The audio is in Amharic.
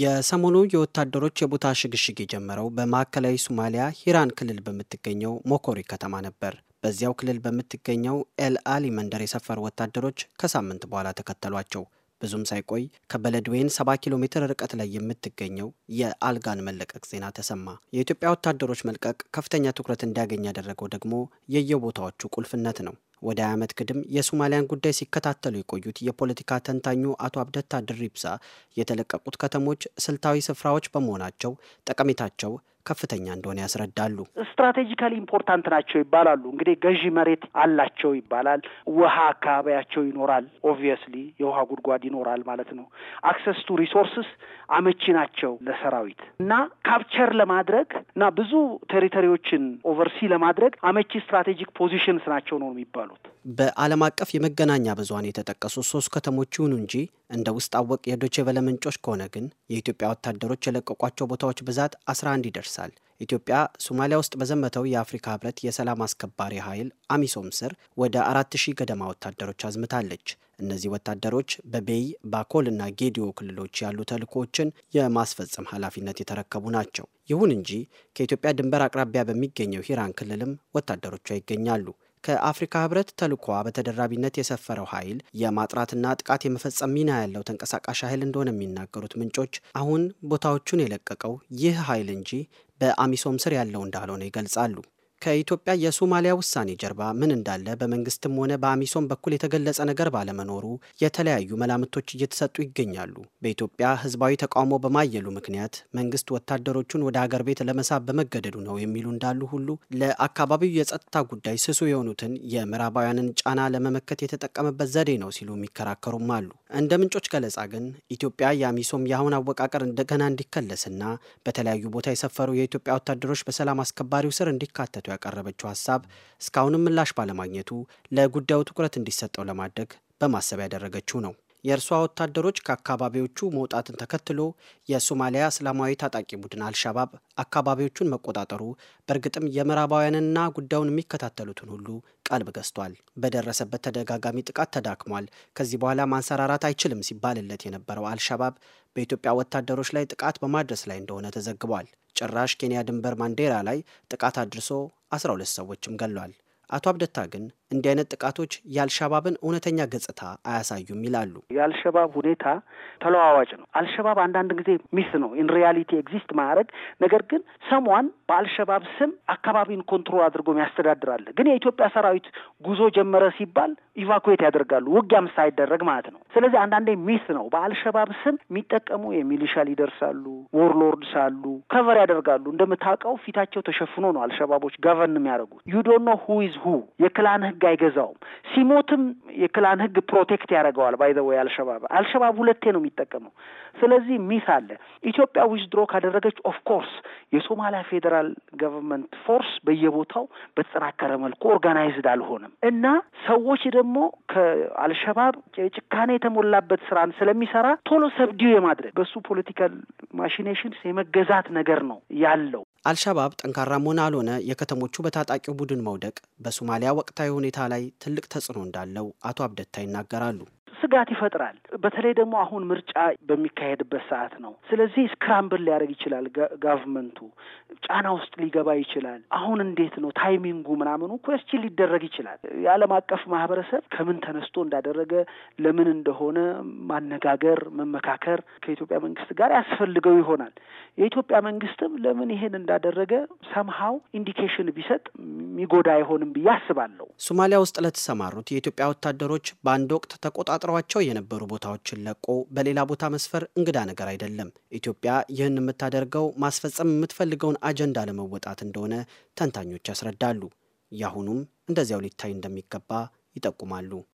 የሰሞኑ የወታደሮች የቦታ ሽግሽግ የጀመረው በማዕከላዊ ሶማሊያ ሂራን ክልል በምትገኘው ሞኮሪ ከተማ ነበር። በዚያው ክልል በምትገኘው ኤል አሊ መንደር የሰፈሩ ወታደሮች ከሳምንት በኋላ ተከተሏቸው። ብዙም ሳይቆይ ከበለድዌን 70 ኪሎ ሜትር ርቀት ላይ የምትገኘው የአልጋን መለቀቅ ዜና ተሰማ። የኢትዮጵያ ወታደሮች መልቀቅ ከፍተኛ ትኩረት እንዲያገኝ ያደረገው ደግሞ የየቦታዎቹ ቁልፍነት ነው። ወደ ዓመት ግድም የሶማሊያን ጉዳይ ሲከታተሉ የቆዩት የፖለቲካ ተንታኙ አቶ አብደታ ድሪብሳ የተለቀቁት ከተሞች ስልታዊ ስፍራዎች በመሆናቸው ጠቀሜታቸው ከፍተኛ እንደሆነ ያስረዳሉ። ስትራቴጂካሊ ኢምፖርታንት ናቸው ይባላሉ። እንግዲህ ገዢ መሬት አላቸው ይባላል። ውሃ አካባቢያቸው ይኖራል። ኦብቪየስሊ የውሃ ጉድጓድ ይኖራል ማለት ነው። አክሰስ ቱ ሪሶርስስ አመቺ ናቸው ለሰራዊት እና ካፕቸር ለማድረግ እና ብዙ ቴሪቶሪዎችን ኦቨርሲ ለማድረግ አመቺ ስትራቴጂክ ፖዚሽንስ ናቸው ነው የሚባሉት። በዓለም አቀፍ የመገናኛ ብዙኃን የተጠቀሱ ሶስት ከተሞች ይሁኑ እንጂ እንደ ውስጥ አወቅ የዶቼ ቬለ ምንጮች ከሆነ ግን የኢትዮጵያ ወታደሮች የለቀቋቸው ቦታዎች ብዛት 11 ይደርሳል። ኢትዮጵያ ሶማሊያ ውስጥ በዘመተው የአፍሪካ ህብረት የሰላም አስከባሪ ኃይል አሚሶም ስር ወደ አራት ገደማ ወታደሮች አዝምታለች። እነዚህ ወታደሮች በቤይ ባኮልና ጌዲዮ ክልሎች ያሉ ተልእኮዎችን የማስፈጸም ኃላፊነት የተረከቡ ናቸው። ይሁን እንጂ ከኢትዮጵያ ድንበር አቅራቢያ በሚገኘው ሂራን ክልልም ወታደሮቿ ይገኛሉ። ከአፍሪካ ህብረት ተልኳ በተደራቢነት የሰፈረው ኃይል የማጥራትና ጥቃት የመፈጸም ሚና ያለው ተንቀሳቃሽ ኃይል እንደሆነ የሚናገሩት ምንጮች አሁን ቦታዎቹን የለቀቀው ይህ ኃይል እንጂ በአሚሶም ስር ያለው እንዳልሆነ ይገልጻሉ። ከኢትዮጵያ የሶማሊያ ውሳኔ ጀርባ ምን እንዳለ በመንግስትም ሆነ በአሚሶም በኩል የተገለጸ ነገር ባለመኖሩ የተለያዩ መላምቶች እየተሰጡ ይገኛሉ። በኢትዮጵያ ህዝባዊ ተቃውሞ በማየሉ ምክንያት መንግስት ወታደሮቹን ወደ አገር ቤት ለመሳብ በመገደዱ ነው የሚሉ እንዳሉ ሁሉ ለአካባቢው የጸጥታ ጉዳይ ስሱ የሆኑትን የምዕራባውያንን ጫና ለመመከት የተጠቀመበት ዘዴ ነው ሲሉ የሚከራከሩም አሉ። እንደ ምንጮች ገለጻ ግን ኢትዮጵያ የአሚሶም የአሁን አወቃቀር እንደገና እንዲከለስና በተለያዩ ቦታ የሰፈሩ የኢትዮጵያ ወታደሮች በሰላም አስከባሪው ስር እንዲካተቱ ያቀረበችው ሀሳብ እስካሁንም ምላሽ ባለማግኘቱ ለጉዳዩ ትኩረት እንዲሰጠው ለማድረግ በማሰብ ያደረገችው ነው። የእርሷ ወታደሮች ከአካባቢዎቹ መውጣትን ተከትሎ የሶማሊያ እስላማዊ ታጣቂ ቡድን አልሻባብ አካባቢዎቹን መቆጣጠሩ በእርግጥም የምዕራባውያንና ጉዳዩን የሚከታተሉትን ሁሉ ቀልብ ገዝቷል። በደረሰበት ተደጋጋሚ ጥቃት ተዳክሟል፣ ከዚህ በኋላ ማንሰራራት አይችልም ሲባልለት የነበረው አልሻባብ በኢትዮጵያ ወታደሮች ላይ ጥቃት በማድረስ ላይ እንደሆነ ተዘግቧል። ጭራሽ ኬንያ ድንበር ማንዴራ ላይ ጥቃት አድርሶ 12 ሰዎችም ገሏል። አቶ አብደታ ግን እንዲህ አይነት ጥቃቶች የአልሸባብን እውነተኛ ገጽታ አያሳዩም ይላሉ። የአልሸባብ ሁኔታ ተለዋዋጭ ነው። አልሸባብ አንዳንድ ጊዜ ሚስ ነው ኢን ሪያሊቲ ኤግዚስት ማድረግ ነገር ግን ሰሟን በአልሸባብ ስም አካባቢን ኮንትሮል አድርጎ ያስተዳድራል። ግን የኢትዮጵያ ሰራዊት ጉዞ ጀመረ ሲባል ኢቫኩዌት ያደርጋሉ ውጊያም ሳይደረግ ማለት ነው። ስለዚህ አንዳንዴ ሚስ ነው። በአልሸባብ ስም የሚጠቀሙ የሚሊሻ ሊደርስ አሉ፣ ዎርሎርድስ አሉ፣ ከቨር ያደርጋሉ። እንደምታውቀው ፊታቸው ተሸፍኖ ነው አልሸባቦች ገቨርን የሚያደርጉት። ዩዶኖ ሁ ኢዝ ሁ የክላን ህግ አይገዛውም። ሲሞትም የክላን ህግ ፕሮቴክት ያደርገዋል። ባይዘወይ አልሸባብ አልሸባብ ሁለቴ ነው የሚጠቀመው። ስለዚህ ሚስ አለ። ኢትዮጵያ ዊዝድሮ ካደረገች ኦፍኮርስ የሶማሊያ ፌዴራል ገቨርንመንት ፎርስ በየቦታው በተጠናከረ መልኩ ኦርጋናይዝድ አልሆነም እና ሰዎች ደግሞ ከአልሸባብ ጭካኔ የተሞላበት ስራን ስለሚሰራ ቶሎ ሰብዲው የማድረግ በሱ ፖለቲካል ማሽኔሽንስ የመገዛት ነገር ነው ያለው። አልሻባብ ጠንካራም ሆነ አልሆነ የከተሞቹ በታጣቂው ቡድን መውደቅ በሶማሊያ ወቅታዊ ሁኔታ ላይ ትልቅ ተጽዕኖ እንዳለው አቶ አብደታ ይናገራሉ። ስጋት ይፈጥራል። በተለይ ደግሞ አሁን ምርጫ በሚካሄድበት ሰዓት ነው። ስለዚህ ስክራምብል ሊያደርግ ይችላል። ጋቨመንቱ ጫና ውስጥ ሊገባ ይችላል። አሁን እንዴት ነው ታይሚንጉ ምናምኑ ኮስችን ሊደረግ ይችላል። የዓለም አቀፍ ማህበረሰብ ከምን ተነስቶ እንዳደረገ ለምን እንደሆነ ማነጋገር፣ መመካከር ከኢትዮጵያ መንግስት ጋር ያስፈልገው ይሆናል። የኢትዮጵያ መንግስትም ለምን ይሄን እንዳደረገ ሰምሃው ኢንዲኬሽን ቢሰጥ የሚጎዳ አይሆንም ብዬ አስባለሁ። ሶማሊያ ውስጥ ለተሰማሩት የኢትዮጵያ ወታደሮች በአንድ ወቅት ተቆጣጥረ ተፈጥሯቸው የነበሩ ቦታዎችን ለቆ በሌላ ቦታ መስፈር እንግዳ ነገር አይደለም። ኢትዮጵያ ይህን የምታደርገው ማስፈጸም የምትፈልገውን አጀንዳ ለመወጣት እንደሆነ ተንታኞች ያስረዳሉ። ያሁኑም እንደዚያው ሊታይ እንደሚገባ ይጠቁማሉ።